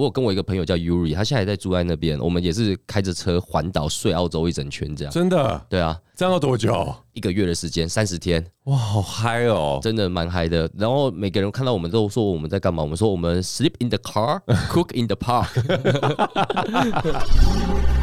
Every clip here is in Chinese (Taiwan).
我有跟我一個朋友叫 Yuri，他現在在住在那邊。我們也是開着車環島睡澳洲一整圈，這樣真的？對啊，這樣要多久？一個月的時間，三十天。哇，好嗨哦！真的蠻嗨的。然後每個人看到我們都說我們在幹嘛？我們說我們 sleep in the car，cook in the park。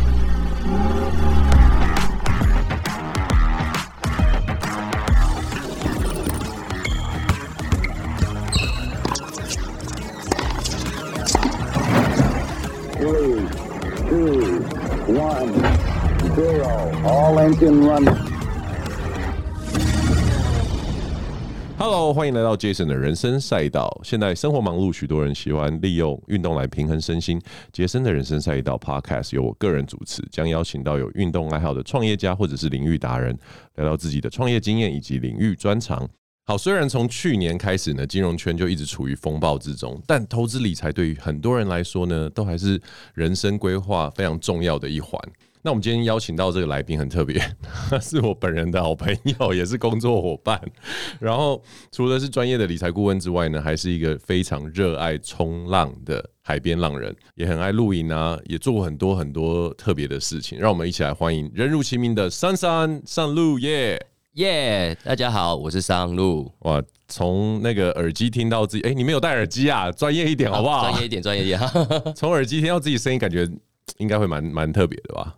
Hello，歡迎來到傑森的人生賽道。現在生活忙碌，許多人喜歡利用運動來平衡身心。傑森的人生賽道 Podcast 由我個人主持，將邀請到有運動愛好的創業家或者是領域達人，聊聊自己的創業經驗以及領域專長。好，雖然從去年開始呢，金融圈就一直處於風暴之中，但投資理財對於很多人來說呢，都還是人生規劃非常重要的一環。那我們今天邀請到這個來賓很特別， 他是我本人的好朋友，也是工作夥伴。然後除了是專業的理財顧問之外呢，還是一個非常熱愛衝浪的海邊浪人，也很愛露營啊，也做過很多很多特別的事情。讓我們一起來歡迎人如其名的 Sun Sun、yeah、Sun Lu 耶耶！大家好，我是 Sun Lu 哇。從那個耳機聽到自己，哎、欸，你沒有戴耳機啊？專業一點好不好？專、啊、業一點，專業一點。從 耳機聽到自己聲音，感覺應該會蠻蠻特別的吧？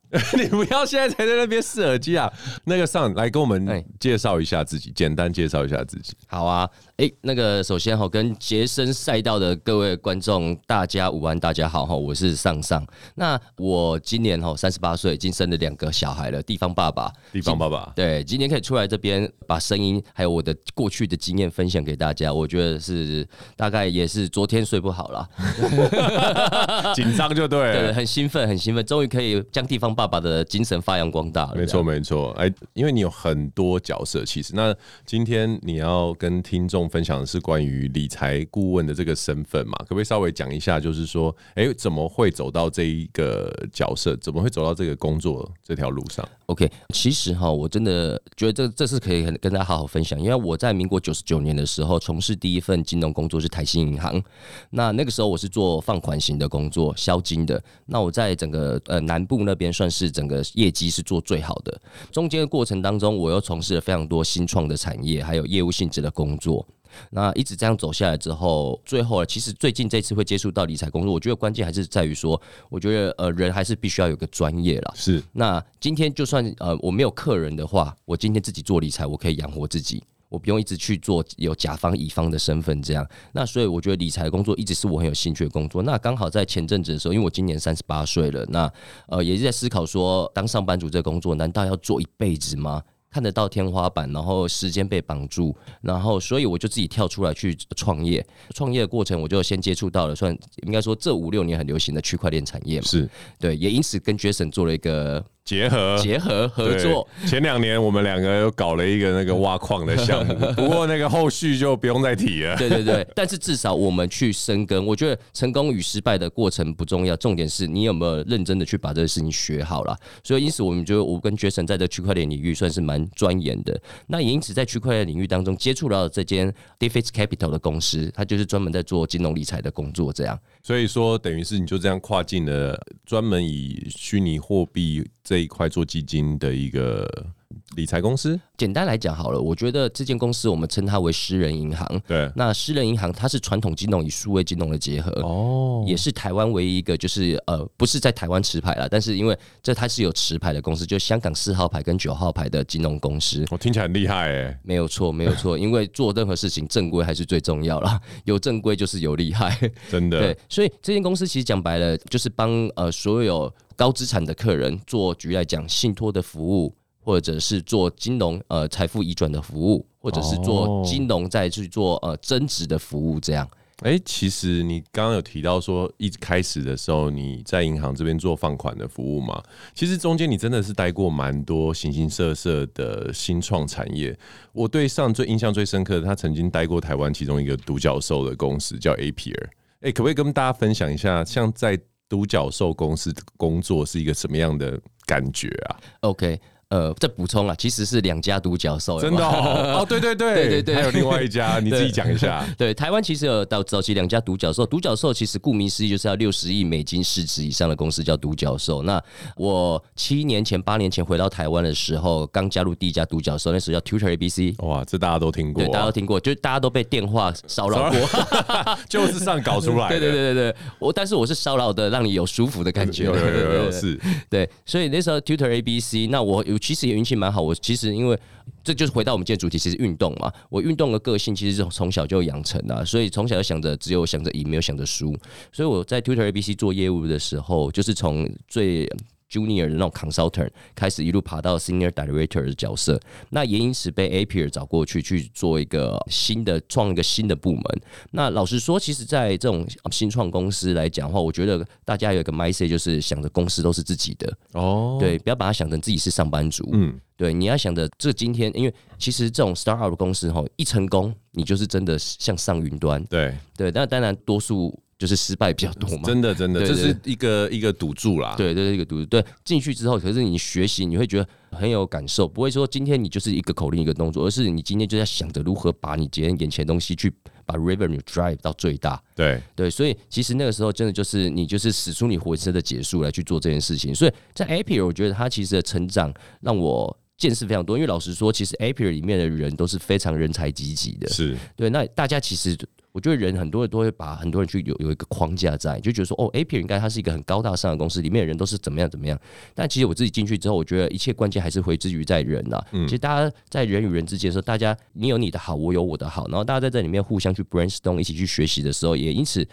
你不要現在才在那邊試耳機啊！那個 Sun 來跟我們介紹一下自己，簡單介紹一下自己。好啊，哎、欸，那個首先哈，跟傑森賽道的各位觀眾大家午安，大家好哈，我是 Sun Sun，那我今年哈三十八歲，已經生了兩個小孩了，地方爸爸，地方爸爸。對，今天可以出來這邊把聲音還有我的過去的經驗分享給大家，我覺得是大概也是昨天睡不好啦 對了，緊張就對，對，很興奮，很興奮，終於可以將地方爸爸爸的精神發揚光大了，沒錯沒錯。哎、欸，因為你有很多角色，其實那今天你要跟聽眾分享的是關於理財顧問的這個身份嘛？可不可以稍微講一下，就是說，哎、欸，怎麼會走到這一個角色？怎麼會走到這個工作這條路上？OK，其實哈，我真的覺得這這是可以跟大家好好分享，因為我在民國九十九年的時候從事第一份金融工作是台新銀行，那那個時候我是做放款型的工作，銷金的。那我在整個呃南部那邊算。是整個業績是做最好的，中間的過程當中，我又從事了非常多新創的產業，還有業務性質的工作。那一直這樣走下來之後，最後其實最近這次會接觸到理財工作，我覺得關鍵還是在於說，我覺得呃人還是必須要有個專業了。是，那今天就算呃我沒有客人的話，我今天自己做理財，我可以養活自己。我不用一直去做有甲方乙方的身份這樣，那所以我覺得理財工作一直是我很有興趣的工作。那剛好在前陣子的時候，因為我今年三十八歲了，那呃也是在思考說，當上班族這個工作難道要做一輩子嗎？看得到天花板，然後時間被綁住，然後所以我就自己跳出來去創業。創業的過程，我就先接觸到了算應該說，這五六年很流行的區塊鏈產業嘛，是對，也因此跟 Jason 做了一個。結合、結合、合作。前兩年我們兩個又搞了一個那個挖礦的項目， 不過那個後續就不用再提了。 對對對，但是至少我們去深耕，我覺得成功與失敗的過程不重要，重點是你有沒有認真的去把這個事情學好了。所以，因此我們就我跟傑神在這區塊鏈領域算是蠻鑽研的。那也因此在區塊鏈領域當中接觸到了這間 Deficit Capital 的公司，它就是專門在做金融理財的工作，這樣。所以說，等於是你就這樣跨境了，專門以虛擬貨幣這一塊做基金的一個理財公司，簡單來講好了，我覺得這間公司我們稱它為私人銀行。對，那私人銀行它是傳統金融與數位金融的結合。哦，也是台灣唯一一個，就是呃，不是在台灣持牌了，但是因為這它是有持牌的公司，就香港四號牌跟九號牌的金融公司。我聽起來很厲害，欸，哎，沒有錯，沒有錯，因為做任何事情正規還是最重要啦，有正規就是有厲害， 真的。對，所以這間公司其實講白了，就是幫呃所有高資產的客人做局來講信托的服務。或者是做金融呃，財富移轉的服務，或者是做金融再去做呃，增值的服務這樣。哎、哦，欸，其實你剛剛有提到說，一開始的時候你在銀行這邊做放款的服務嗎？其實中間你真的是待過蠻多形形色色的新創產業。我對上最印象最深刻的，他曾經待過台灣其中一個獨角獸的公司叫 APR。哎、欸，可不可以跟大家分享一下，像在獨角獸公司工作是一個什麼樣的感覺啊？OK。呃，再補充啊，其實是兩家獨角獸。真的哦，哦對對對 對對，對還有另外一家， 你自己講一下。對，台灣其實有到早期兩家獨角獸，獨角獸其實顧名思義就是要六十億美金市值以上的公司叫獨角獸。那我七年前、八年前回到台灣的時候，剛加入第一家獨角獸，那時候叫 Tutor ABC。哇，這大家都聽過。對，大家都聽過，就是大家都被電話騷擾過， 就是上搞出來的。對 對對對對，我但是我是騷擾的讓你有舒服的感覺。對 對對，所以那時候 Tutor ABC，那我有。其實也運氣蠻好，我其實因為這就是回到我們今天主題，其實運動嘛，我運動的個性其實是從小就養成的，啊，所以從小就想着只有想着贏，沒有想着輸，所以我在 TutorABC 做業務的時候，就是從最，Junior 的那種 consultant 開始一路爬到 Senior Director 的角色，那也因此被 Apeir 找過去去做一個新的、創一個新的部門。那老實說，其實，在這種新創公司來講的話，我覺得大家有一個 my say，就是想着公司都是自己的哦，對，不要把它想成自己是上班族，嗯，對，你要想着這今天，因為其實這種 start up 的公司哈，一成功，你就是真的向上雲端，對對，那當然多數。就是失敗比較多嘛，真的，真的，這是一個一個賭注啦。對，這是一個賭注。對，進去之後，可是你學習，你會覺得很有感受，不會說今天你就是一個口令一個動作，而是你今天就在想着如何把你今天眼前的東西去把 revenue drive 到最大。對對，所以其實那個時候真的就是你就是使出你渾身的解數來去做這件事情。所以在 Appier 我覺得他其實的成長讓我見識非常多，因為老實說，其實 Appier 裡面的人都是非常人才濟濟的。是對，那大家其實。我覺得人很多人都會把很多人去有有一個框架在，就覺得說哦，Appier 應該它是一個很高大上的公司，裡面的人都是怎麼樣怎麼樣。但其實我自己進去之後，我覺得一切關鍵還是回之於在人吶、啊嗯。其實大家在人與人之間的時候，大家你有你的好，我有我的好，然後大家在這裡面互相去 brainstorm 一起去學習的時候，也因此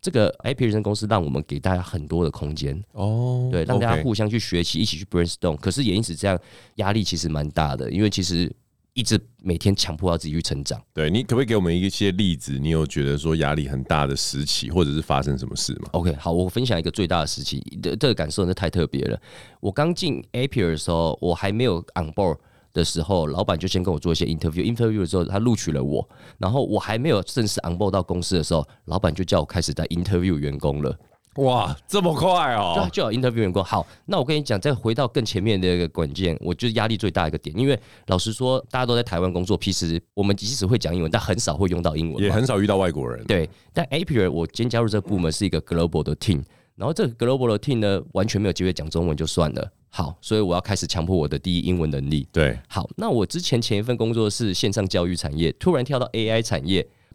這個 Appier 人生公司讓我們給大家很多的空間哦，對，讓大家互相去學習，一起去 brainstorm。可是也因此這樣壓力其實蠻大的，因為其實。一直每天強迫要自己去成長。對，你可不可以給我們一些例子？你有覺得說壓力很大的時期，或者是發生什麼事嗎？OK，好，我分享一個最大的時期。這這個感受真的太特別了。我剛進 API 的時候，我還沒有 onboard 的時候，老闆就先跟我做一些 interview。interview 的時候，他錄取了我。然後我還沒有正式 onboard 到公司的時候，老闆就叫我開始在 interview 員工了。哇，這麼快哦、喔！就有 interview 人說？好，那我跟你講，再回到更前面的一個關鍵，我就是壓力最大一個點。因為老實說，大家都在台灣工作，其實我們即使會講英文，但很少會用到英文，也很少遇到外國人。對，但 April 我今天加入這個部門是一個 global 的 team，然後這個 global 的 team 呢，完全沒有機會講中文就算了。好，所以我要開始強迫我的第一英文能力。對，好，那我之前前一份工作是線上教育產業，突然跳到 AI 產業。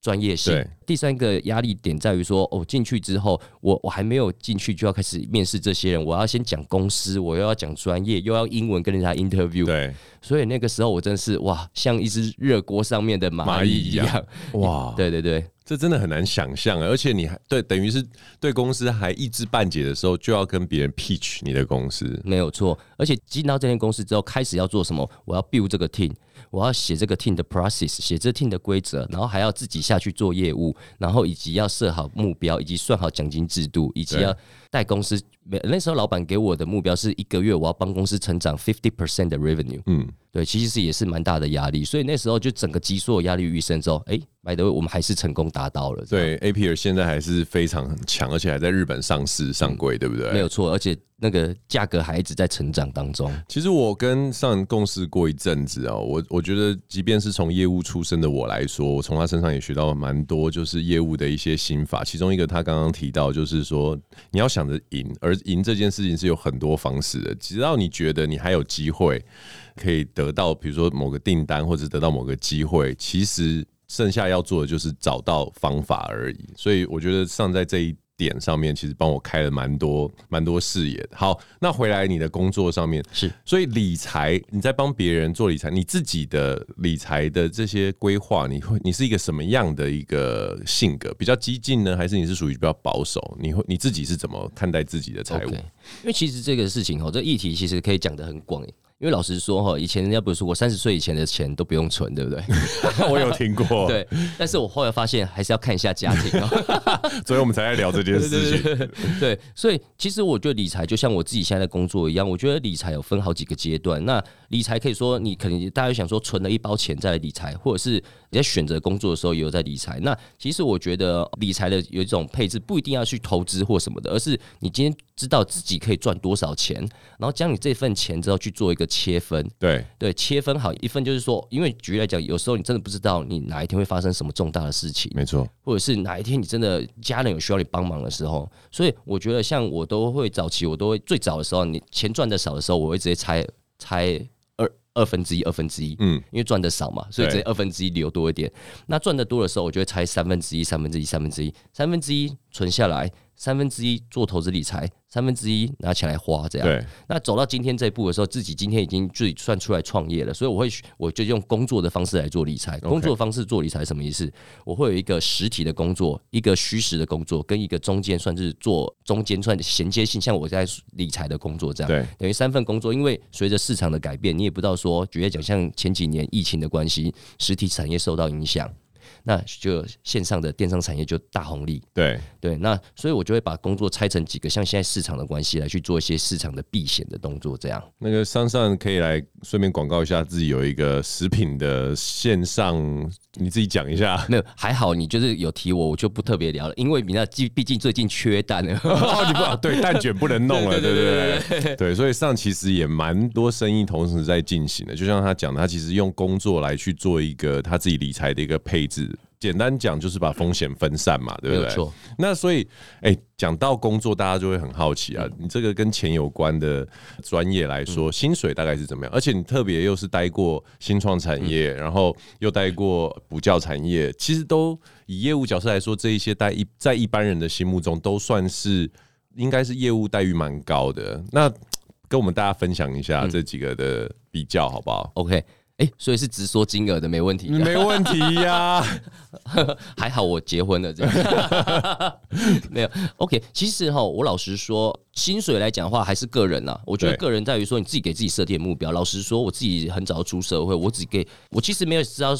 專業性。第三個壓力點在於說，哦，進去之後，我我還沒有進去就要開始面試這些人，我要先講公司，我又要講專業，又要英文跟人家 interview。對，所以那個時候我真是哇，像一隻熱鍋上面的螞蟻一樣。哇，對對對，這真的很難想象。而且你還對，等於是對公司還一知半解的時候，就要跟別人 pitch 你的公司，沒有錯。而且進到這間公司之後，開始要做什麼？我要 build 這個 team。我要寫這個 team 的 process，寫這 team 的規則，然後還要自己下去做業務，然後以及要設好目標，以及算好獎金制度，以及要，帶公司，那時候老闆給我的目標是一個月我要幫公司成長 fifty percent 的 revenue，嗯，對，其實是也是蠻大的壓力，所以那時候就整個基數壓力愈升之後，哎、欸，by the way，我們還是成功達到了。對，A P R 現在還是非常強，而且還在日本上市上櫃，嗯，對不對？沒有錯，而且那個價格還一直在成長當中。其實我跟 Sun 共事過一陣子啊，喔，我我覺得即便是從業務出身的我來說，我從他身上也學到蠻多，就是業務的一些心法。其中一個他剛剛提到，就是說你要想。想着贏，而贏這件事情是有很多方式的。只要你覺得你還有機會，可以得到，比如說某個訂單或者得到某個機會，其實剩下要做的就是找到方法而已。所以我覺得上在這一。點上面其實幫我開了蠻多蠻多視野。好，那回來你的工作上面是，所以理財你在幫別人做理財，你自己的理財的這些規劃，你會你是一個什麼樣的一個性格？比較激進呢，還是你是屬於比較保守？你會你自己是怎麼看待自己的財務？Okay. 因為其實這個事情哦，這議題其實可以講得很廣、欸。因為老實說哈，以前人家不是說我三十歲以前的錢都不用存，對不對？ 我有聽過。 對，但是我後來發現還是要看一下家庭、喔， 所以我們才在聊這件事情對對對對。對，所以其實我覺得理財就像我自己現在，在工作一樣，我覺得理財有分好幾個階段。那理財可以說你可能大家想說存了一包錢在理財，或者是你在選擇工作的時候也有在理財。那其實我覺得理財的有一種配置不一定要去投資或什麼的，而是你今天。知道自己可以賺多少錢，然後將你這份錢之後去做一個切分。對對，切分好一份，就是說，因為舉例來講，有時候你真的不知道你哪一天會發生什麼重大的事情，沒錯。或者是哪一天你真的家人有需要你幫忙的時候，所以我覺得像我都會早期，我都會最早的時候，你錢賺的少的時候，我會直接拆拆二二分之一，二分之一，嗯，因為賺的少嘛，所以直接二分之一留多一點。那賺的多的時候，我就會拆三分之一，三分之一，三分之一，三分之一存下來。三分之一做投資理財，三分之一拿錢來花，這樣。對。那走到今天這一步的時候，自己今天已經最算出來創業了，所以我會我就用工作的方式來做理財。工作的方式做理財什麼意思？Okay。我會有一個實體的工作，一個虛實的工作，跟一個中間算是做中間算的銜接性，像我在理財的工作這樣。對。等於三份工作，因為隨着市場的改變，你也不知道說，舉例來講，像前幾年疫情的關係，實體產業受到影響。那就線上的電商產業就大紅利，對對，那所以我就會把工作拆成幾個，像現在市場的關係來去做一些市場的避險的動作，這樣。那個桑桑可以來順便廣告一下自己有一個食品的線上，你自己講一下、嗯。那還好，你就是有提我，我就不特別聊了，因為你那畢畢竟最近缺蛋了 超級不好，對 蛋捲不能弄了，對對對，對，對。來來 對，所以上其實也蠻多生意同時在進行的，就像他講的，他其實用工作來去做一個他自己理財的一個配置。簡單講就是把風險分散嘛，對不對？沒錯。那所以，哎、欸，講到工作，大家就會很好奇啊。嗯、你這個跟錢有關的專業來說，薪水大概是怎麼樣？而且你特別又是待過新創產業、嗯，然後又待過補教產業，其實都以業務角色來說，這一些待一在一般人的心目中都算是應該是業務待遇蠻高的。那跟我們大家分享一下這幾個的比較，好不好、嗯、？OK。哎、欸，所以是直說金額的，沒問題。沒問題呀、啊， 還好我結婚了，這樣 沒有。OK，其實哈，我老實說，薪水來講的話，還是個人啊。我覺得個人在於說你自己給自己設定的目標。老實說，我自己很早出社會，我只給我其實沒有知道，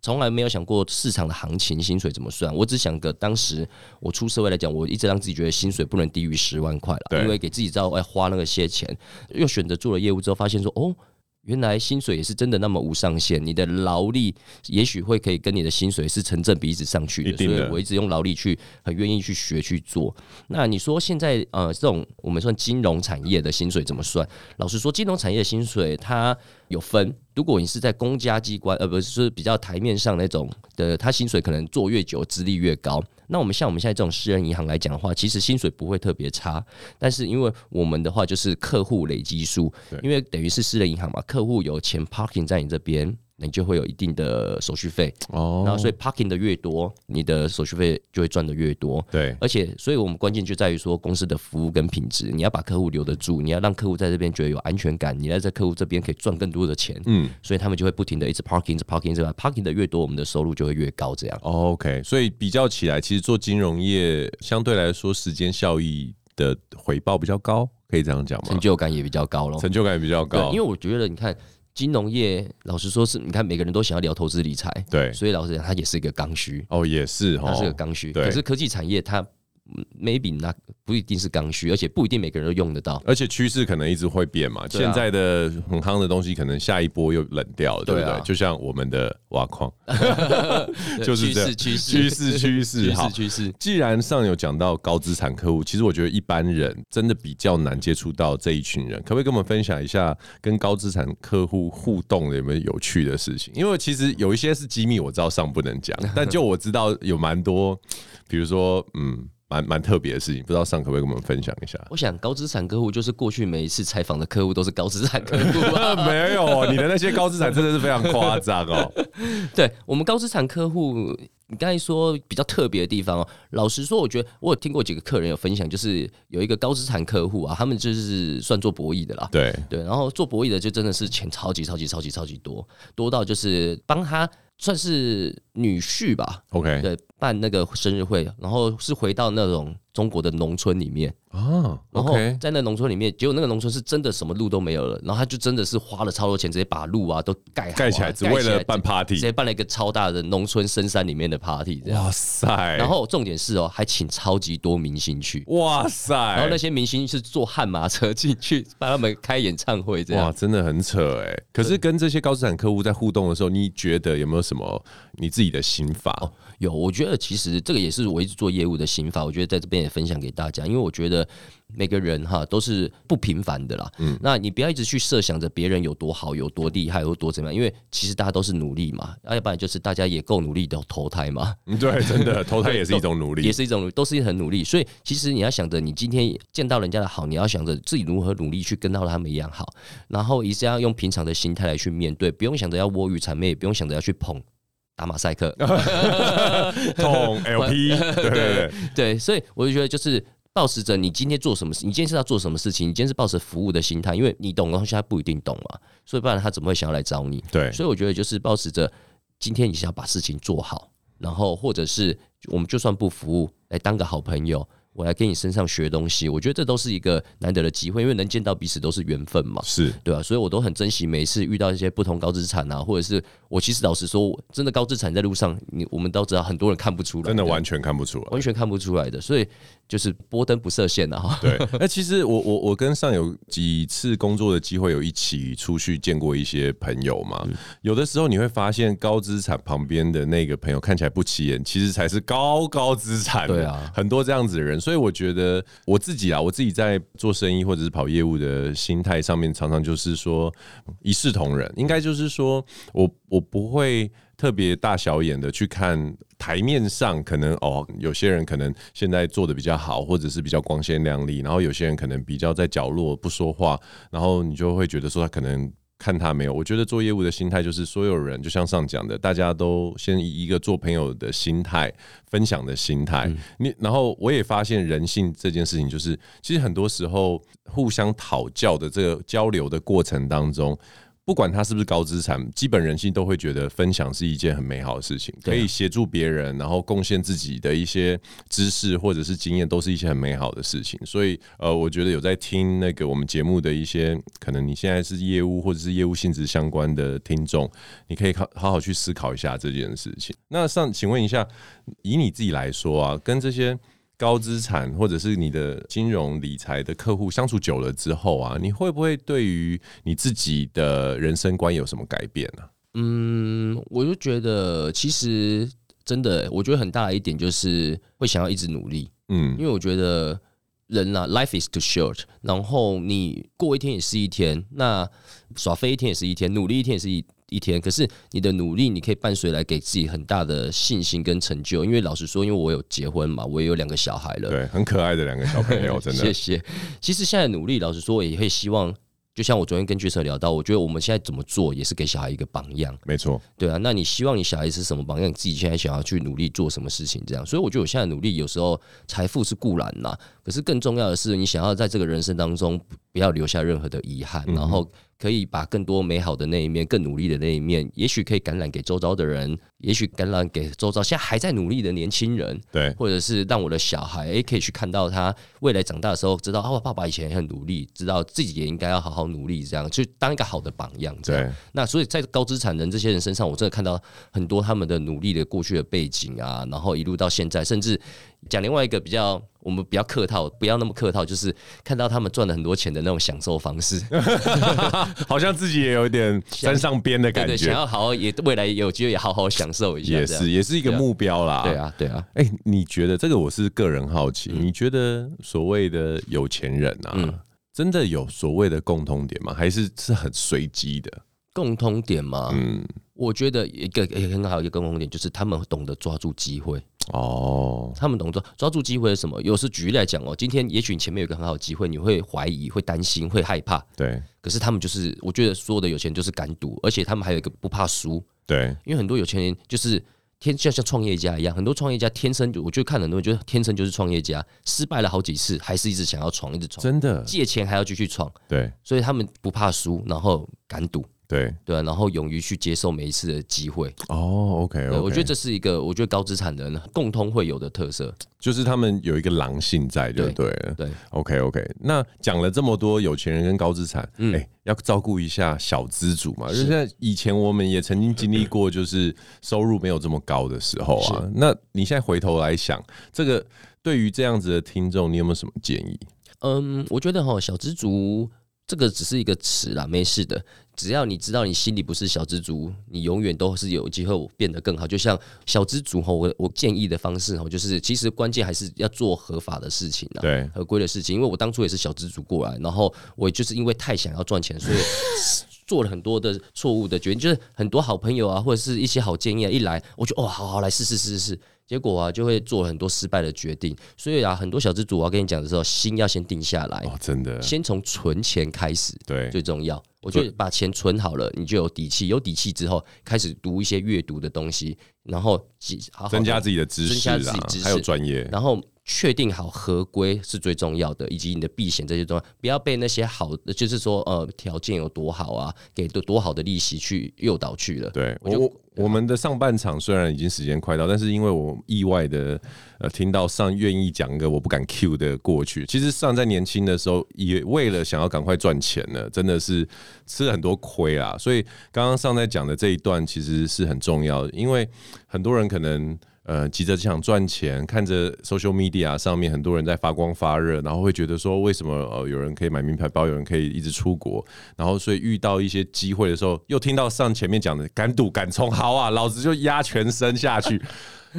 從來沒有想過市場的行情薪水怎麼算。我只想個當時我出社會來講，我一直讓自己覺得薪水不能低於十萬塊了，因為給自己知道哎花那個些錢。又選擇做了業務之後，發現說哦。原來薪水也是真的那麼無上限，你的勞力也許會可以跟你的薪水是成正比一直上去的，所以我一直用勞力去很願意去學去做。那你說現在呃，這種我們算金融產業的薪水怎麼算？老實說，金融產業的薪水它有分，如果你是在公家機關，而不是比較台面上那種的，它薪水可能做越久資歷越高。那我們像我們現在這種私人銀行來講的話，其實薪水不會特別差，但是因為我們的話就是客戶累積數。對，因為等於是私人銀行嘛，客戶有錢 parking 在你這邊。你就會有一定的手續費哦，oh, 然後所以 parking 的越多，你的手續費就會賺得越多。對，而且，所以我們關鍵就在於說公司的服務跟品質，嗯、你要把客戶留得住，你要讓客戶在這邊覺得有安全感，你要在這客戶這邊可以賺更多的錢。嗯，所以他們就會不停的一直 parking，parking，parking parking, parking 的越多，我們的收入就會越高。這樣。OK，所以比較起來，其實做金融業相對來說時間效益的回報比較高，可以這樣講嗎？成就感也比較高咯，成就感也比較高。對因為我覺得你看。金融業老實說是，你看每個人都想要聊投資理財，對，所以老實講，它也是一個剛需哦，也是哦，它是一個剛需。對，可是科技產業它。Maybe 那不一定是剛需，而且不一定每個人都用得到。而且趨勢可能一直會變嘛、啊，現在的很夯的東西，可能下一波又冷掉了對、啊，對不對？就像我們的挖礦， 就是這樣，趨勢，趨勢，趨勢，趨勢。趨勢。既然 Sun 有講到高資產客戶，其實我覺得一般人真的比較難接觸到這一群人。可不可以跟我們分享一下跟高資產客戶互動的有沒有有趣的事情？因為其實有一些是機密，我知道 Sun 不能講。但就我知道有蠻多，比如說，嗯。蠻蠻特別的事情，不知道 Sun 可不可以跟我們分享一下？我想高資產客戶就是過去每一次採訪的客戶都是高資產客戶。 沒有你的那些高資產真的是非常誇張哦。對，我們高資產客戶，你剛才說比較特別的地方哦、喔，老實說，我覺得我有聽過幾個客人有分享，就是有一個高資產客戶啊，他們就是算做博弈的啦，對對，然後做博弈的就真的是錢超級超級超級超級，超級多多到就是幫他算是女婿吧，OK 對。辦那個生日會，然後是回到那種中國的農村裡面啊，然後在那農村裡面、啊 okay，結果那個農村是真的什麼路都沒有了，然後他就真的是花了超多錢，直接把路啊都蓋蓋、啊、起來，只為了辦 party，直接辦了一個超大的農村深山裡面的 party。哇塞！然後重點是哦、喔，還請超級多明星去。哇塞！然後那些明星是坐悍馬車進去，幫他們開演唱會這樣。哇，真的很扯哎、欸！可是跟這些高資產客戶在互動的時候，你覺得有沒有什麼你自己的心法？有，我覺得其實這個也是我一直做業務的心法。我覺得在這邊也分享給大家，因為我覺得每個人哈都是不平凡的啦。嗯，那你不要一直去設想着別人有多好、有多厲害、有多怎麼樣，因為其實大家都是努力嘛。那要不然就是大家也夠努力的投胎嘛。對，真的投胎也是一種努力， 也是一種努力，都是一很努力。所以其實你要想着，你今天見到人家的好，你要想着自己如何努力去跟到他們一樣好。然後一定要用平常的心態來去面對，不用想着要阿諛諂媚，也不用想着要去捧。打馬賽克， 痛 同 LP， 對對，對，對，對，所以我就覺得，就是抱持着你今天做什麼事，你今天是要做什麼事情，你今天是抱持服務的心態，因為你懂的東西，他不一定懂嘛，所以不然他怎麼會想要來找你？對，所以我覺得就是抱持着今天你想要把事情做好，然後或者是我們就算不服務，來、欸、當個好朋友。我來跟你身上學東西，我覺得這都是一個難得的機會，因為能見到彼此都是緣分嘛，是對啊，所以我都很珍惜每次遇到一些不同高資產啊，或者是我其實老實說，真的高資產在路上，你我們都知道很多人看不出來，真的完全看不出來，完全看不出來的。所以就是波登不設限的哈。對，那其實我我我跟 Sun 有幾次工作的機會，有一起出去見過一些朋友嘛，有的時候你會發現高資產旁邊的那個朋友看起來不起眼，其實才是高高資產。對啊，很多這樣子的人。所以我覺得我自己啊，我自己在做生意或者是跑業務的心態上面，常常就是說一視同仁。應該就是說我我不會特別大小眼的去看台面上可能哦，有些人可能現在做得比較好，或者是比較光鮮亮麗，然後有些人可能比較在角落不說話，然後你就會覺得說他可能。看他沒有，我覺得做業務的心態就是所有人，就像上講的，大家都先以一個做朋友的心態、分享的心態。你，然後我也發現人性這件事情，就是其實很多時候互相討教的這個交流的過程當中。不管他是不是高資產，基本人性都會覺得分享是一件很美好的事情，可以協助別人，然後貢獻自己的一些知識或者是經驗，都是一些很美好的事情。所以，呃，我覺得有在聽那個我們節目的一些，可能你現在是業務或者是業務性質相關的聽眾，你可以好好好去思考一下這件事情。那上，請問一下，以你自己來說啊，跟這些。高資產或者是你的金融理財的客戶相處久了之後啊，你會不會對於你自己的人生觀有什麼改變呢、啊？嗯，我就覺得其實真的、欸，我覺得很大的一點就是會想要一直努力。嗯，因為我覺得人吶、啊、，life is too short，然後你過一天也是一天，那耍飛一天也是一天，努力一天也是一一天，可是你的努力，你可以伴隨來給自己很大的信心跟成就。因為老實說，因為我有結婚嘛，我也有兩個小孩了，對，很可愛的兩個小朋友， 謝謝，真的。謝謝。其實現在的努力，老實說，也會希望，就像我昨天跟角色聊到，我覺得我們現在怎麼做，也是給小孩一個榜樣。沒錯，對啊。那你希望你小孩是什麼榜樣？你自己現在想要去努力做什麼事情？這樣，所以我覺得我現在的努力，有時候財富是固然啦，可是更重要的是，你想要在這個人生當中不要留下任何的遺憾，嗯，然後。可以把更多美好的那一面，更努力的那一面，也許可以感染給周遭的人，也許感染給周遭現在還在努力的年輕人，對，或者是讓我的小孩也可以去看到他未來長大的時候，知道啊，我爸爸以前也很努力，知道自己也應該要好好努力，這樣就當一個好的榜樣。對。那所以在高資產人這些人身上，我真的看到很多他們的努力的過去的背景啊，然後一路到現在，甚至講另外一個比較。我們比較客套，不要那麼客套，就是看到他們賺了很多錢的那種享受方式， 好像自己也有一點沾上邊的感覺。想，對對對，想要好好也，也未來也有覺得也好好享受一下，也是也是一個目標啦。對啊，對啊。哎、啊欸，你覺得這個我是個人好奇，嗯、你覺得所謂的有錢人啊，嗯、真的有所謂的共同點嗎？還是是很隨機的共同點嗎？嗯，我覺得一個也、欸、很好一個共同點就是他們懂得抓住機會。哦，他們懂得抓住機會是什麼？有時舉例來講哦，今天也許你前面有個很好的機會，你會懷疑、會擔心、會害怕。對，可是他們就是，我覺得所有的有錢人就是敢賭，而且他們還有一個不怕輸。對，因為很多有錢人就是天就像創業家一樣，很多創業家天生我就看很多人就天生就是創業家，失敗了好幾次，還是一直想要闖，一直闖，真的借錢還要繼續闖。對，所以他們不怕輸，然後敢賭。對對、啊，然後勇於去接受每一次的機會哦。Oh, OK OK，我覺得這是一個我覺得高資產人共通會有的特色，就是他們有一個狼性在，對對對，對，OK OK。那講了這麼多有錢人跟高資產，嗯，欸、要照顧一下小資族嘛，是，就像以前我們也曾經經歷過，就是收入沒有這麼高的時候啊。那你現在回頭來想，這個對於這樣子的聽眾，你有沒有什麼建議？嗯，我覺得哈，小資族。這個只是一個詞啦，沒事的。只要你知道你心裡不是小蜘蛛，你永遠都是有機會變得更好。就像小蜘蛛吼，我我建議的方式吼就是其實關鍵還是要做合法的事情對，合規的事情。因為我當初也是小蜘蛛過來，然後我就是因為太想要賺錢，所以做了很多的錯誤的決定， 就是很多好朋友啊或者是一些好建議啊，一來，我就哦好好來試試試試試。結果啊，就會做很多失敗的決定。所以啊，很多小資主啊，我要跟你講的時候，心要先定下來。哦，真的。先從存錢開始，對，最重要。我覺得把錢存好了，你就有底氣。有底氣之後，開始讀一些閱讀的東西，然後好好增加自己的知識，啊，增加自己的知識，啊，還有專業。然後。確定好合規是最重要的，以及你的避險這些重要，不要被那些好，就是說呃，條件有多好啊，給多多好的利息去誘導去了。對，我我、嗯、我我們的上半場雖然已經時間快到，但是因為我意外的呃聽到上願意講一個我不敢 Q 的過去。其實上在年輕的時候，也為了想要趕快賺錢呢，真的是吃了很多虧啊。所以剛剛上在講的這一段其實是很重要的，因為很多人可能。呃，急着想賺錢，看着 social media 上面很多人在發光發熱，然後會覺得說，為什麼呃有人可以買名牌包，有人可以一直出國，然後所以遇到一些機會的時候，又聽到上前面講的敢賭敢衝，好啊，老子就壓全身下去。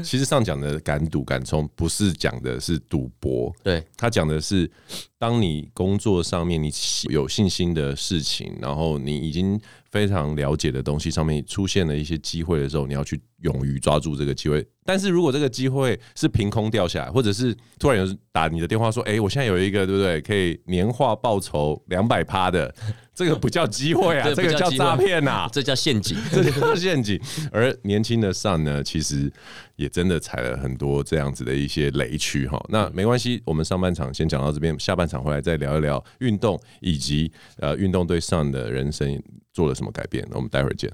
其實上講的敢賭敢衝，不是講的是賭博，對他講的是，當你工作上面你有信心的事情，然後你已經。非常了解的東西上面出現了一些機會的時候，你要去勇於抓住這個機會。但是如果這個機會是憑空掉下來，或者是突然有人打你的電話說：“誒、欸，我現在有一個，對不對？可以年化報酬兩百趴的，這個不叫機會啊，這個叫詐騙吶，這叫陷阱，這叫陷阱。 陷阱” 而年輕的 Sun 呢，其實也真的踩了很多這樣子的一些雷區哈。那沒關係，我們上半場先講到這邊，下半場回來再聊一聊運動以及呃運動對 Sun 的人生，做了什麼改變？我們待會兒見。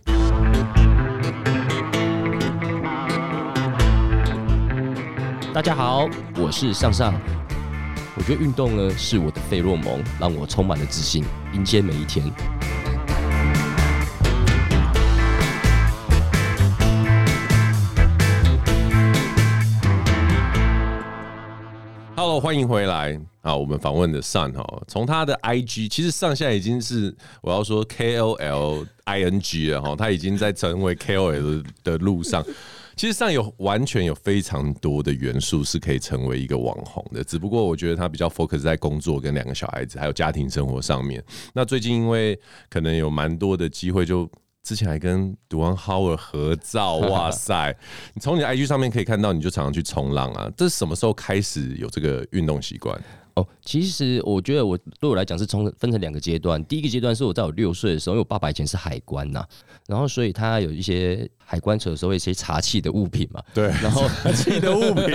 大家好，我是 Sun Sun。我覺得運動呢是我的費洛蒙，讓我充滿了自信，迎接每一天。Hello，歡迎回來。啊，我們訪問的 Sun 哈，從他的 I G，其實 Sun 現在已經是我要說 K O L I N G 了哈，他已經在成為 K O L 的路上。 其實 Sun 有完全有非常多的元素是可以成為一個網紅的，只不過我覺得他比較 focus 在工作跟兩個小孩子還有家庭生活上面。那最近因為可能有蠻多的機會，就之前還跟 Dwight Howard 合照，哇塞！ 你從你的 I G 上面可以看到，你就常常去衝浪啊。這是什麼時候開始有這個運動習慣？哦，其實我覺得我對我來講是衝分成兩個階段。第一個階段是我在我六歲的時候，因為我爸爸以前是海關吶、啊，然後所以他有一些海關車的時候有一些茶器的物品嘛，對，然後茶器的物品，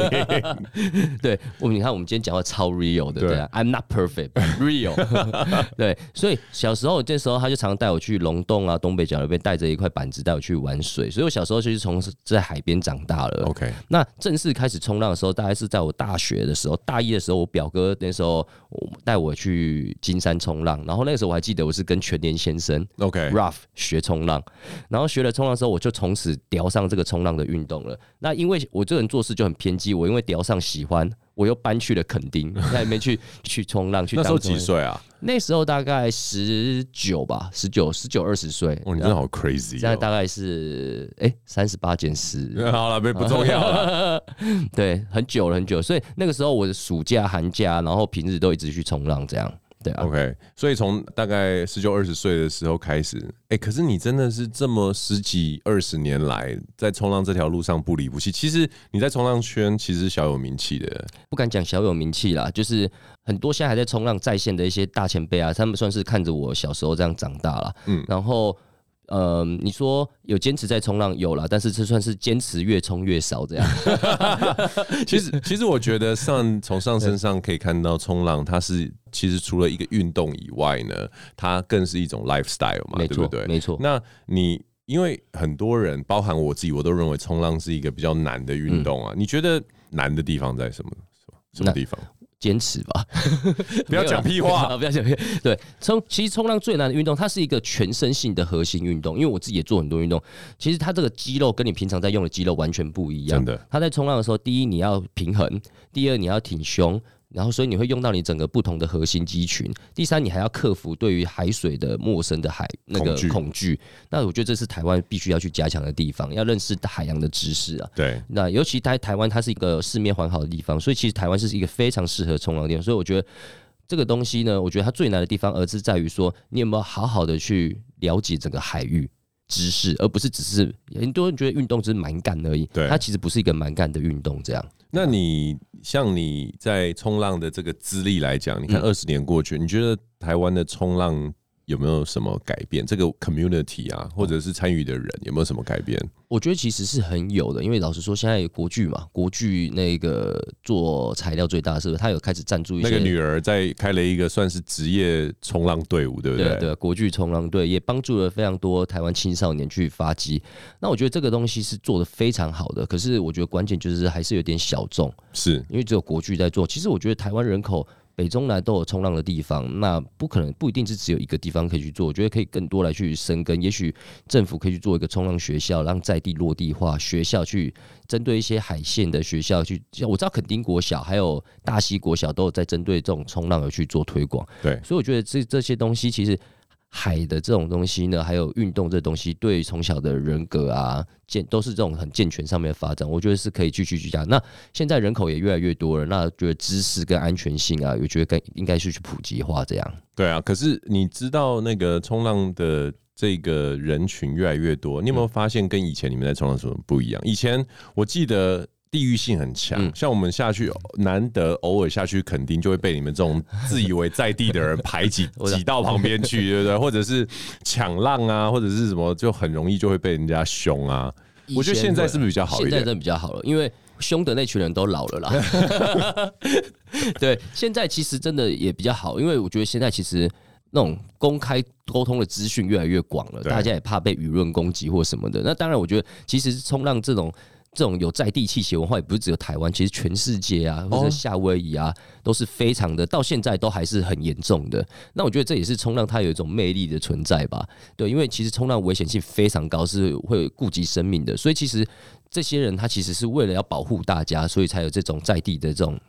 對。我你看，我們今天講話超 real 的，對,對，I'm not perfect，but real， 對。所以小時候這時候他就常帶我去龍洞啊，東北角那邊帶着一塊板子帶我去玩水，所以我小時候就是從在海邊長大了。OK，那正式開始衝浪的時候大概是在我大學的時候，大一的時候我表哥。那時候我帶我去金山衝浪，然後那時候我還記得我是跟全年先生 OK Ruff 學衝浪，然後學了衝浪之後，我就從此掉上這個衝浪的運動了。那因為我這人做事就很偏激，我因為掉上喜歡，我又搬去了墾丁，在裡去 去衝浪。去 那時候幾歲啊？那時候大概十九吧，十九十九二十歲。哦，你真的好 crazy！、哦、現在大概是三十八減十，欸、 好了，不不重要了。 對，很久了，很久了。所以那個時候，我的暑假、寒假，然後平日都一直去衝浪，這樣。對啊，OK。所以從大概十九、二十歲的時候開始，哎，可是你真的是這麼十幾二十年來，在衝浪這條路上不離不棄。其實你在衝浪圈其實是小有名氣的，不敢講小有名氣啦，就是很多現在還在衝浪在線的一些大前輩啊，他們算是看着我小時候這樣長大了。嗯，然後。呃、嗯，你說有堅持在衝浪，有啦，但是這算是堅持越衝越少這樣。 其實，其實我覺得上從上身上可以看到，衝浪它是其實除了一個運動以外呢，它更是一種 lifestyle 嘛，對不對？沒錯。那你因為很多人，包含我自己，我都認為衝浪是一個比較難的運動啊、嗯。你覺得難的地方在什麼？什麼地方？堅持吧，不要講屁話， 不要講屁。對，衝其實衝浪最難的運動，它是一個全身性的核心運動。因為我自己也做很多運動，其實它這個肌肉跟你平常在用的肌肉完全不一樣。真的，它在衝浪的時候，第一你要平衡，第二你要挺胸。然後，所以你會用到你整個不同的核心肌群。第三，你還要克服對於海水的陌生的海那個恐懼。那我覺得這是台灣必須要去加強的地方，要認識海洋的知識啊。對。那尤其在台灣，它是一個四面環海的地方，所以其實台灣是一個非常適合衝浪的地方。所以我覺得這個東西呢，我覺得它最難的地方，而是在於說你有沒有好好的去了解整個海域知識，而不是只是很多人覺得運動只是蠻幹而已。對。它其實不是一個蠻幹的運動，這樣。那你像你在衝浪的這個資歷來講，你看二十年過去，你覺得台灣的衝浪有沒有什麼改變？這個 community 啊，或者是參與的人有沒有什麼改變？我覺得其實是很有的，因為老實說，現在國巨嘛，國巨那個做材料最大的，是不是？他有開始贊助一些、那個女兒在開了一個算是職業衝浪隊伍，對不對？對,對,對，國巨衝浪隊也幫助了非常多台灣青少年去發跡。那我覺得這個東西是做得非常好的，可是我覺得關鍵就是還是有點小眾，是因為只有國巨在做。其實我覺得台灣人口。北中南都有衝浪的地方，那不可能不一定是只有一個地方可以去做。我覺得可以更多來去深耕，也許政府可以去做一個衝浪學校，讓在地落地化學校去針對一些海線的學校去。我知道墾丁國小還有大溪國小都有在針對這種衝浪而去做推廣。對，所以我覺得這這些東西其實。海的這種東西呢，還有運動這東西，對從小的人格啊，健都是這種很健全上面的發展，我覺得是可以繼續去加。那現在人口也越來越多了，那覺得知識跟安全性啊，我覺得更應該是去普及化這樣。對啊，可是你知道那個衝浪的這個人群越來越多，你有沒有發現跟以前你們在衝浪時候不一樣？以前我記得。地域性很強，嗯、像我們下去，難得偶爾下去，肯定就會被你們這種自以為在地的人排擠，擠 到旁邊去，對不對？或者是搶浪啊，或者是什麼，就很容易就會被人家凶啊。我覺得現在是不是比較好？現在真的比較好了，因為凶的那群人都老了啦。 對，現在其實真的也比較好，因為我覺得現在其實那種公開溝通的資訊越來越廣了，大家也怕被輿論攻擊或什麼的。那當然，我覺得其實是衝浪這種。這種有在地氣息文化也不是只有台灣，其實全世界啊、或者夏威夷啊，都是非常的，到現在都還是很嚴重的。那我覺得這也是衝浪它有一種魅力的存在吧？對，因為其實衝浪危險性非常高，是會顧及生命的。所以其實這些人他其實是為了要保護大家，所以才有這種在地的這種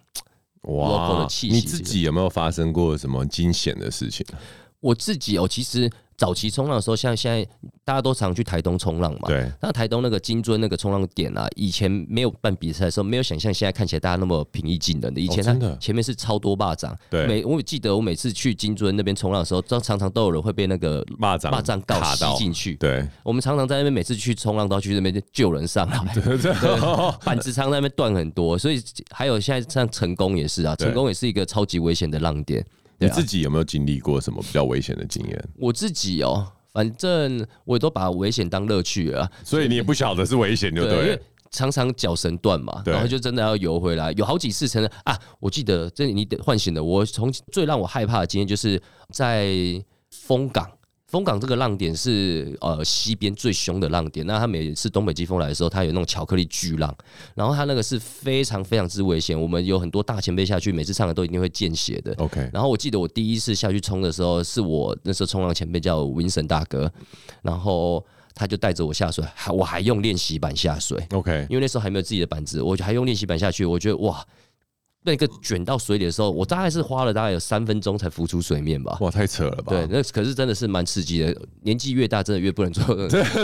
哇，氣息。你自己有沒有發生過什麼驚險的事情？我自己哦，其實。早期衝浪的時候，像現在大家都常去台東衝浪嘛。那台東那個金樽那個衝浪點啊，以前沒有辦比賽的時候，沒有想象，現在看起來大家那麼平易近人的。以前他前面是超多霸掌。對、哦。每我記得我每次去金樽那邊衝浪的時候，常常常都有人會被那個霸掌霸掌搞吸進去。對。我們常常在那邊每次去衝浪，都要去那邊救人上來。對對對對對對，板子常在那邊斷很多，所以還有現在像成功也是啊，成功也是一個超級危險的浪點。你自己有沒有經歷過什麼比較危險的經驗？啊、我自己哦、喔，反正我也都把危險當樂趣了、啊。所，所以你也不曉得是危險就對了對對，因為常常腳繩斷嘛，然後就真的要游回來。有好幾次，成了啊，我記得這你得喚醒的。我從最讓我害怕的經驗，就是在風港。豐港這個浪點是呃西邊最兇的浪點，那他每次東北季風來的時候，他有那種巧克力巨浪，然後他那個是非常非常之危險，我們有很多大前輩下去，每次上來都一定會見血的。OK，然後我記得我第一次下去衝的時候，是我那時候衝浪前輩叫 Vincent 大哥，然後他就帶着我下水，還我還用練習板下水，OK，因為那時候還沒有自己的板子，我還用練習板下去，我覺得哇。那個捲到水裡的時候，我大概是花了大概有三分鐘才浮出水面吧。哇，太扯了吧！對，那可是真的是蠻刺激的。年紀越大，真的越不能做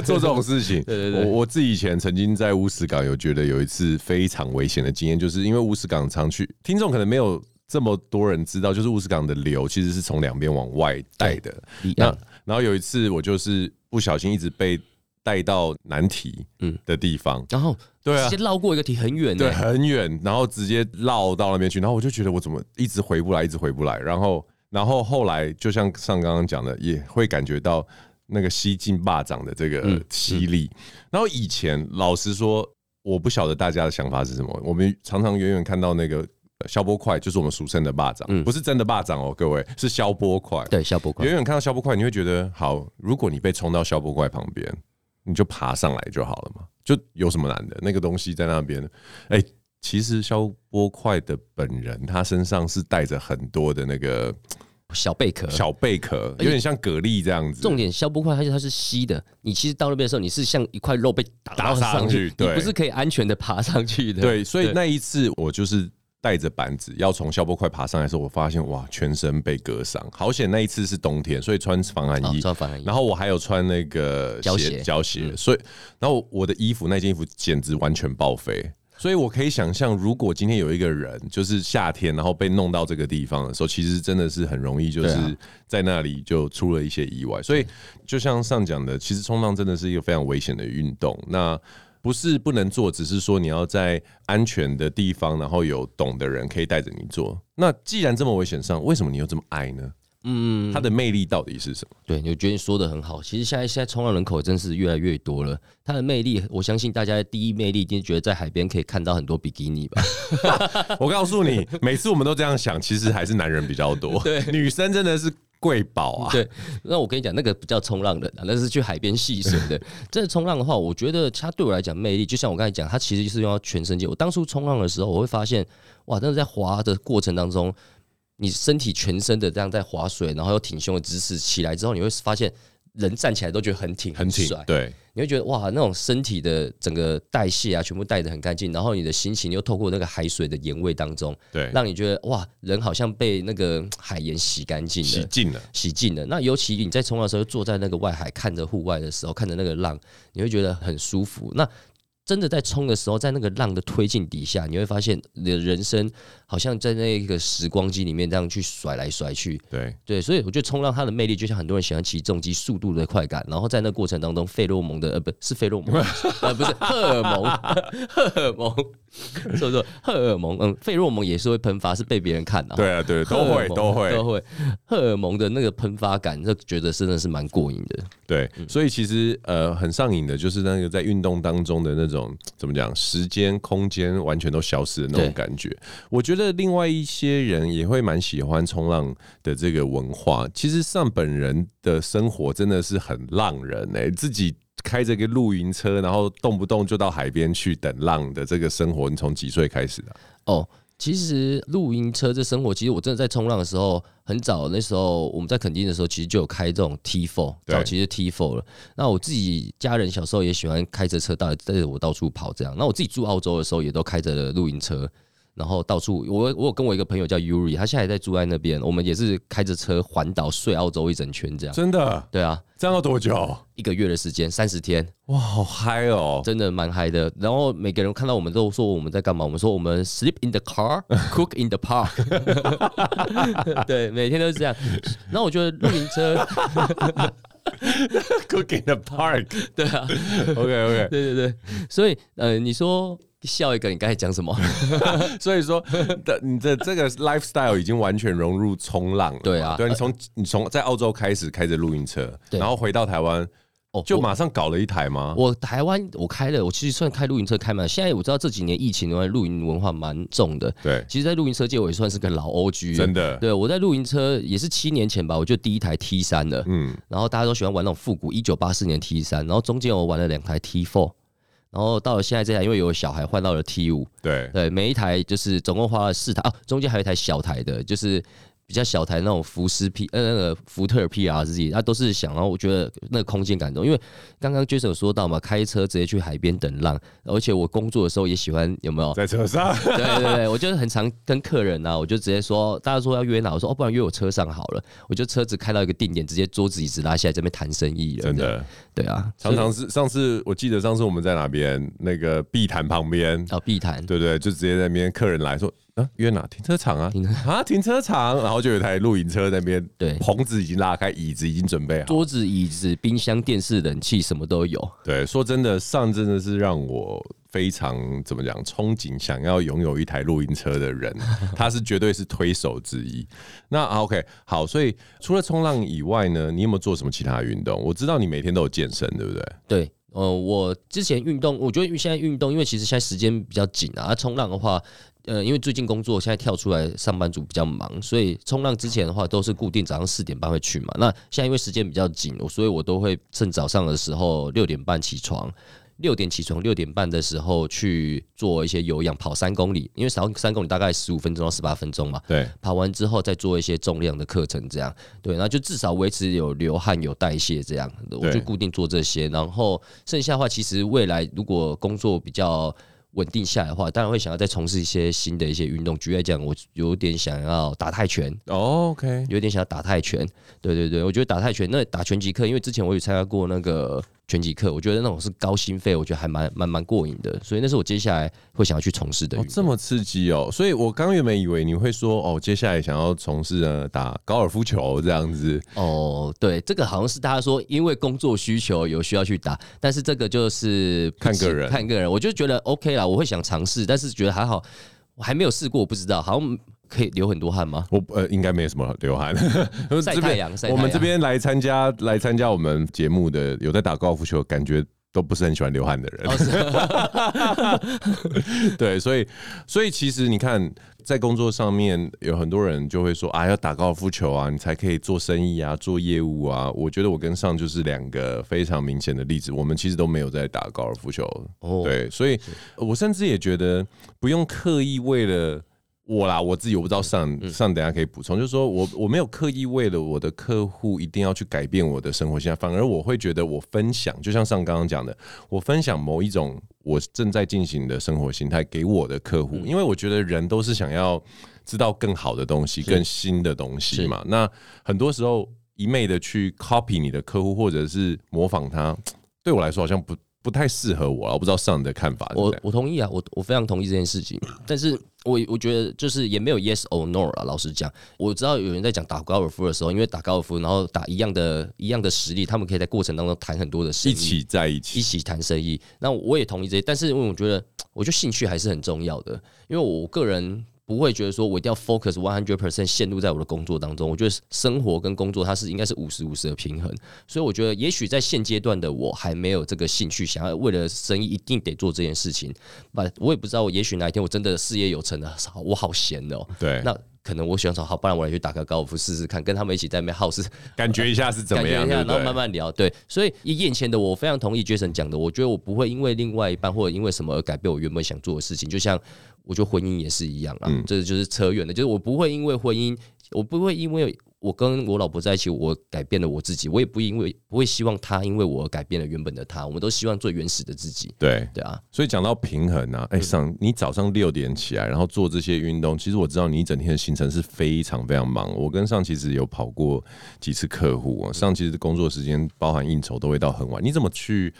做這種事情。 對對對，對，我，我我自己以前曾經在烏石港有覺得有一次非常危險的經驗，就是因為烏石港常去，聽眾可能沒有這麼多人知道，就是烏石港的流其實是從兩邊往外帶的。一樣，那然後有一次我就是不小心一直被。帶到難題嗯的地方、嗯，然後對啊，直接繞過一個題很遠、欸啊，對，很遠，然後直接繞到那邊去，然後我就覺得我怎麼一直回不來，一直回不來，然後，然後後來就像上剛剛講的，也會感覺到那個吸進霸掌的這個吸力、嗯。然後以前老實說，我不曉得大家的想法是什麼，我們常常遠遠看到那個消波塊，就是我們俗稱的霸掌、嗯，不是真的霸掌哦，各位是消波塊，對，消波塊，遠遠看到消波塊，你會覺得好，如果你被衝到消波塊旁邊。你就爬上來就好了嘛，就有什麼難的？那個東西在那邊，哎、欸，其實消波塊的本人，他身上是帶着很多的那個小貝殼，小貝殼有點像蛤蜊這樣子。重點，消波塊，而且它是吸的。你其實到那邊的時候，你是像一塊肉被打打上去，上去對，不是可以安全的爬上去的。對，所以那一次我就是。帶着板子要從消波塊爬上來的時候，我發現哇，全身被割傷，好險！那一次是冬天，所以穿防寒衣。哦、穿防寒衣。然後我還有穿那個膠鞋，膠鞋、鞋、嗯。所以，然後我的衣服那件衣服簡直完全報廢。所以我可以想象，如果今天有一個人就是夏天，然後被弄到這個地方的時候，其實真的是很容易，就是在那裡就出了一些意外。啊、所以，就像上講的，其實衝浪真的是一個非常危險的運動。那不是不能做，只是說你要在安全的地方，然後有懂的人可以帶着你做。那既然這麼危險上，為什麼你又這麼愛呢？嗯，它的魅力到底是什麼？對，你就覺得你說的很好。其實現在現在衝浪人口真是越來越多了。它的魅力，我相信大家的第一魅力一定覺得在海邊可以看到很多比基尼吧。 我告訴你，每次我們都這樣想，其實還是男人比較多。 對，女生真的是。貴寶啊，對，那我跟你講，那個比較衝浪的，那是去海邊戲水的。這個衝浪的話，我覺得它對我來講魅力，就像我剛才講，它其實是用到全身肌肉。我當初衝浪的時候，我會發現，哇，但是在滑的過程當中，你身體全身的這樣在划水，然後有挺胸的姿勢起來之後，你會發現人站起來都覺得很挺，很挺，對。你會覺得哇，那種身體的整個代謝啊，全部帶得很乾淨，然後你的心情又透過那個海水的鹽味當中，對，讓你覺得哇，人好像被那個海鹽洗乾淨了，洗淨了，洗淨了,了。那尤其你在衝的時候，坐在那個外海看着戶外的時候，看着那個浪，你會覺得很舒服。那真的在衝的時候，在那個浪的推進底下，你會發現你的人生。好像在那一個時光機裡面這樣去甩來甩去，對對，所以我覺得衝浪它的魅力就像很多人喜歡騎重機速度的快感，然後在那個過程當中費洛蒙的，呃，不是費洛蒙， 啊不是荷爾蒙 荷爾蒙，是不是荷爾蒙？嗯，費洛蒙也是會噴發，是被別人看到。對啊對，都會都會，荷爾蒙的那個噴發感就覺得真的是蠻過癮的，對。所以其實，呃，很上癮的就是那個在運動當中的那種怎麼講，時間空間完全都消失的那種感覺我覺得。覺得另外一些人也會蠻喜歡衝浪的這個文化。其實上本人的生活真的是很浪人哎、欸，自己開着個露營車，然後動不動就到海邊去等浪的這個生活。你從幾歲開始的、啊？哦，其實露營車這生活，其實我真的在衝浪的時候，很早那時候我們在墾丁的時候，其實就有開這種 T4，對，早期是 T4 了。那我自己家人小時候也喜歡開着車到帶着我到處跑這樣。那我自己住澳洲的時候，也都開着露營車。然後到處，我我有跟我一個朋友叫 Yuri，他現在在住在那邊。我們也是開着車環島睡澳洲一整圈，這樣真的？對啊，這樣要多久？一個月的時間，三十天。哇，好嗨哦！真的蠻嗨的。然後每個人看到我們都說我們在幹嘛？我們說我們 sleep in the car，cook in the park。 對，每天都是這樣。然後我覺得露營車 ，cook in the park。 對啊 ，OK OK，對對對。所以，呃，你說。笑一個！你剛才講什麼？ 所以說，的你的這個 lifestyle 已經完全融入衝浪了，對啊，對你從、呃、你從在澳洲開始開着露營車，然後回到台灣，就馬上搞了一台嗎？哦、我,我台灣我開的，我其實算開露營車開嘛。現在我知道這幾年疫情的話，露營文化蠻重的。對，其實，在露營車界我也算是個老 OG，真的。對，我在露營車也是七年前吧，我就第一台 T 三了，嗯，然後大家都喜歡玩那種復古，一九八四年 T 三，然後中間我玩了兩台 T four。然後到了現在這台，因為有小孩，換到了 T 五。對對，每一台就是總共花了四台啊，中間還有一台小台的，就是。比較小台那種福斯 P，呃，那個福特 P R 自己，他都是想啊，然後我覺得那個空間感重，因為剛剛 Jason 有說到嘛，開車直接去海邊等浪，而且我工作的時候也喜歡，有沒有？在車上？對對對， 我就是很常跟客人啊，我就直接說，大家說要約哪，我說哦，不然約我車上好了。我就車子開到一個定點，直接桌子椅子拉下來這邊談生意真的，對啊，常常是上次我記得上次我們在哪邊那個碧潭旁邊啊，碧潭，對，對對，就直接在那邊客人來說。啊，約哪停車場啊？啊，停車場，然後就有台露營車那邊，對，棚子已經拉開，椅子已經準備啊，桌子、椅子、冰箱、電視、冷氣，什麼都有。對，說真的，Sun 真的是讓我非常怎麼講，憧憬想要擁有一台露營車的人，他是絕對是推手之一。 那 OK，好，所以除了衝浪以外呢，你有沒有做什麼其他運動？我知道你每天都有健身，對不對？對，呃，我之前運動，我覺得現在運動，因為其實現在時間比較緊啊，啊，衝浪的話。呃，因為最近工作，現在跳出來，上班族比較忙，所以衝浪之前的話都是固定早上四點半會去嘛。那現在因為時間比較緊，所以我都會趁早上的時候六點半起床，六點起床，六點半的時候去做一些有氧，跑三公里，因為跑三公里大概十五分鐘到十八分鐘嘛。對，跑完之後再做一些重量的課程，這樣。對，那就至少維持有流汗、有代謝這樣，我就固定做這些。然後剩下的話，其實未來如果工作比較……穩定下來的話，當然會想要再從事一些新的一些運動。舉例來講，我有點想要打泰拳。Oh, OK，有點想要打泰拳。對對對，我覺得打泰拳，那打拳擊課，因為之前我有參加過那個。拳擊課，我覺得那種是高心肺，我覺得還蠻蠻蠻過癮的，所以那是我接下來會想要去從事的、哦。這麼刺激哦！所以，我剛原本以為你會說哦，接下來想要從事呃打高爾夫球這樣子。哦，對，這個好像是大家說，因為工作需求有需要去打，但是這個就是，是看個人，看個人。我就覺得 OK 啦，我會想嘗試，但是覺得還好，我還沒有試過，我不知道，好像。可以流很多汗嗎？我呃，應該沒什麼流汗。曬太陽，我們這邊來參加來參加我們節目的有在打高爾夫球，感覺都不是很喜歡流汗的人。哦、 對，所以所以其實你看，在工作上面有很多人就會說啊，要打高爾夫球啊，你才可以做生意啊，做業務啊。我覺得我跟 Sun 就是兩個非常明顯的例子。我們其實都沒有在打高爾夫球。哦。對，所以我甚至也覺得不用刻意為了。我啦，我自己我不知道上上，等下可以補充、嗯。就是說我我沒有刻意為了我的客戶一定要去改變我的生活型態，反而我會覺得我分享，就像上剛剛講的，我分享某一種我正在進行的生活形態給我的客戶、嗯，因為我覺得人都是想要知道更好的東西、更新的東西嘛。那很多時候一昧的去 copy 你的客戶或者是模仿他，對我來說好像不。不太適合我啊，我不知道上人的看法是不是？我我同意啊，我我非常同意這件事情。但是我我覺得就是也沒有 yes or no 啊。老實講，我知道有人在講打高爾夫的時候，因為打高爾夫，然後打一樣的一樣的實力，他們可以在過程當中談很多的事，一起在一起一起談生意。那我也同意這些，但是因為我覺得我覺得興趣還是很重要的，因為我，我個人。不會覺得說，我一定要 focus one hundred percent，陷入在我的工作當中。我覺得生活跟工作，它是應該是五十五十的平衡。所以我覺得，也許在現階段的我，還沒有這個興趣，想要為了生意一定得做這件事情。我也不知道，我也許哪一天我真的事業有成了，我好閒的喔。對，那。可能我喜歡找好，不然我來去打個高爾夫試試看，跟他們一起在那邊耗時，感覺一下是怎麼樣，然後慢慢聊。對，所以以眼前的我非常同意 Jason 講的，我覺得我不會因為另外一半或者因為什麼而改變我原本想做的事情。就像我覺得婚姻也是一樣啊、嗯，這個就是扯遠了。就是我不會因為婚姻，我不會因為。我跟我老婆在一起，我改變了我自己，我也不因為不會希望她因為我改變了原本的她，我們都希望最原始的自己。對對啊，所以講到平衡呢、啊？哎、欸嗯，上你早上六點起來，然後做這些運動，其實我知道你一整天的行程是非常非常忙。我跟上其實有跑過幾次客戶、啊嗯，上其實工作時間包含應酬都會到很晚。你怎麼去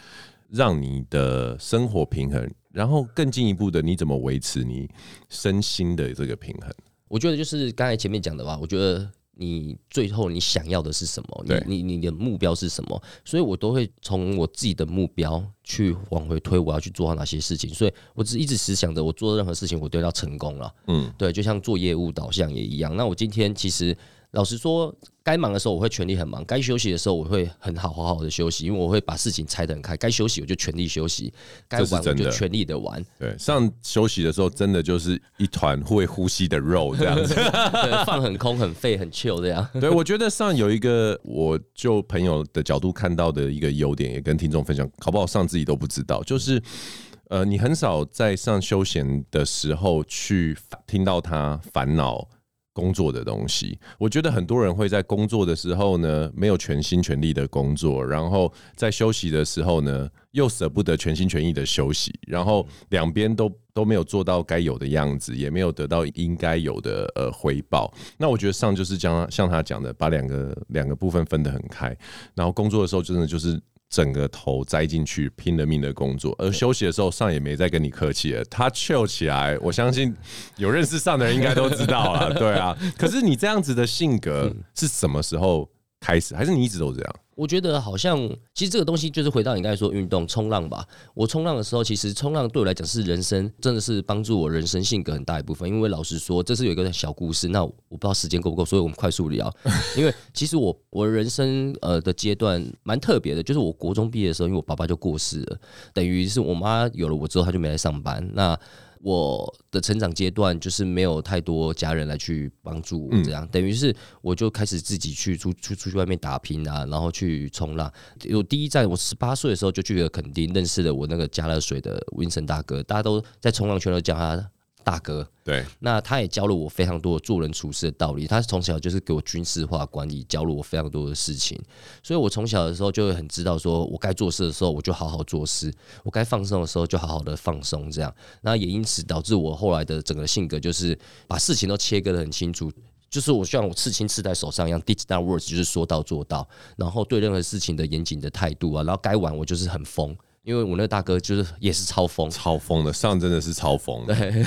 讓你的生活平衡？然後更進一步的，你怎麼維持你身心的這個平衡？我覺得就是剛才前面講的吧，我覺得。你最後你想要的是什麼？你你你的目標是什麼？所以，我都會從我自己的目標去往回推，我要去做好哪些事情。所以我只一直思想着，我做任何事情，我都要成功了。嗯，對，就像做業務導向也一樣。那我今天其實。老實說，該忙的時候我會全力很忙，該休息的時候我會很好好好的休息，因為我會把事情拆得很開。該休息我就全力休息，該玩我就全力的玩的。對，上休息的時候真的就是一團會呼吸的肉這樣子， 對，放很空很廢很 chill 這樣。對，我覺得上有一個，我就朋友的角度看到的一個優點，也跟聽眾分享，好不好？上自己都不知道，就是呃，你很少在上休閒的時候去聽到他煩惱。工作的東西，我覺得很多人會在工作的時候呢，沒有全心全力的工作，然後在休息的時候呢，又捨不得全心全意的休息，然後兩邊都都沒有做到該有的樣子，也沒有得到應該有的呃回報。那我覺得上就是將像他講的，把兩個兩個部分分得很開，然後工作的時候真的就是。整個頭栽進去，拼了命的工作，而休息的時候，上也沒再跟你客氣了。他 chill 起來，我相信有認識上的人應該都知道了，對啊。可是你這樣子的性格是什麼時候開始？還是你一直都這樣？我覺得好像，其實這個東西就是回到你剛才說運動衝浪吧。我衝浪的時候，其實衝浪對我來講是人生，真的是幫助我人生性格很大一部分。因為老實說，這是有一個小故事。那我不知道時間夠不夠，所以我們快速聊。因為其實我我人生呃的階段蠻特別的，就是我國中畢業的時候，因為我爸爸就過世了，等於是我媽有了我之後，他就沒來上班。那我的成長階段就是沒有太多家人來去幫助我，這樣、嗯、等於是我就開始自己去出出出去外面打拼啊，然後去衝浪。有第一站，我十八歲的時候就去了墾丁，認識了我那個佳樂水的 Vincent 大哥，大家都在衝浪圈都講他。大哥，對，那他也教了我非常多做人處事的道理。他從小就是給我軍事化管理，教了我非常多的事情，所以我從小的時候就會很知道，說我該做事的時候，我就好好做事；我該放鬆的時候，就好好的放鬆。這樣，那也因此導致我後來的整個性格就是把事情都切割得很清楚，就是我像我刺青刺在手上一樣，Deeds not words 就是說到做到，然後對任何事情的嚴謹的態度啊，然後該玩我就是很瘋。因為我那個大哥就是也是超瘋，超瘋的，上真的是超瘋的。對，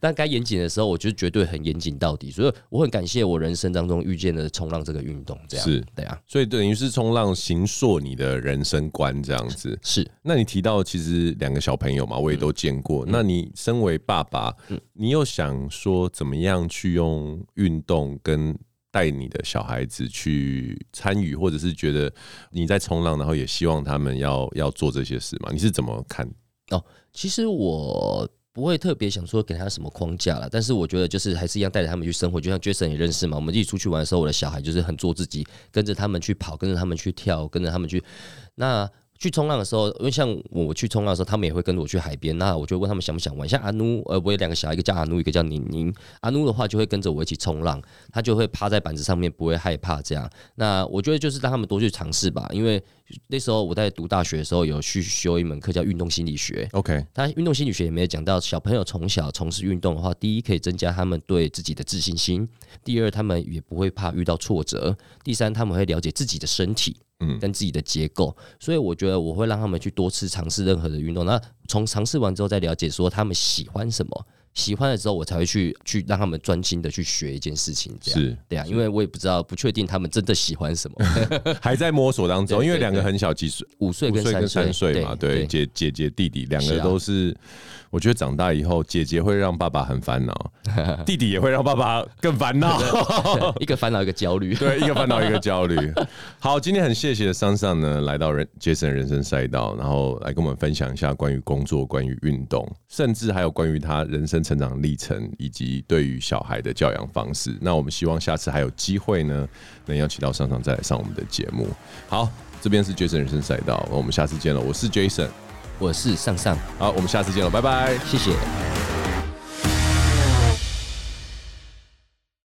但該嚴謹的時候，我就絕對很嚴謹到底。所以我很感謝我人生當中遇見的衝浪這個運動，這樣是對啊。所以等於是衝浪形塑你的人生觀這樣子。是、嗯，那你提到其實兩個小朋友嘛，我也都見過。嗯、那你身為爸爸、嗯，你又想說怎麼樣去用運動跟。帶你的小孩子去參與，或者是覺得你在衝浪，然後也希望他們要要做這些事嘛？你是怎麼看？哦，其實我不會特別想說給他什麼框架了，但是我覺得就是還是一樣帶着他們去生活。就像 Jason 也認識嘛，我們一起出去玩的時候，我的小孩就是很做自己，跟着他們去跑，跟着他們去跳，跟着他們去那。去衝浪的時候，因為像我去衝浪的時候，他們也會跟着我去海邊。那我就問他們想不想玩。像阿努，呃，我有兩個小孩，一個叫阿努，一個叫寧寧。阿努的話就會跟着我一起衝浪，他就會趴在板子上面，不會害怕這樣。那我覺得就是讓他們多去嘗試吧。因為那時候我在讀大學的時候有去修一門課叫運動心理學。OK，但運動心理學也沒有講到小朋友從小從事運動的話，第一可以增加他們對自己的自信心，第二他們也不會怕遇到挫折，第三他們會了解自己的身體。嗯，跟自己的結構，所以我覺得我會讓他們去多次嘗試任何的運動。那從嘗試完之後再了解說他們喜歡什麼，喜歡的時候我才會去去讓他們專心的去學一件事情。這樣對啊，因為我也不知道，不確定他們真的喜歡什麼， 還在摸索當中。因為兩個很小，幾歲，五歲、跟三歲嘛，對，姐姐姐弟弟兩個都是。我覺得長大以後，姐姐會讓爸爸很煩惱， 弟弟也會讓爸爸更煩惱，一個煩惱一個焦慮，對，一個煩惱一個焦慮。 好，今天很謝謝桑桑呢，來到人杰森人生賽道，然後來跟我們分享一下關於工作、關於運動，甚至還有關於他人生成長歷程，以及對於小孩的教養方式。那我們希望下次還有機會呢，能邀請到桑桑再來上我們的節目。好，這邊是杰森人生賽道，那我們下次見了，我是杰森。我是尚尚，好，我們下次見了，拜拜，謝謝。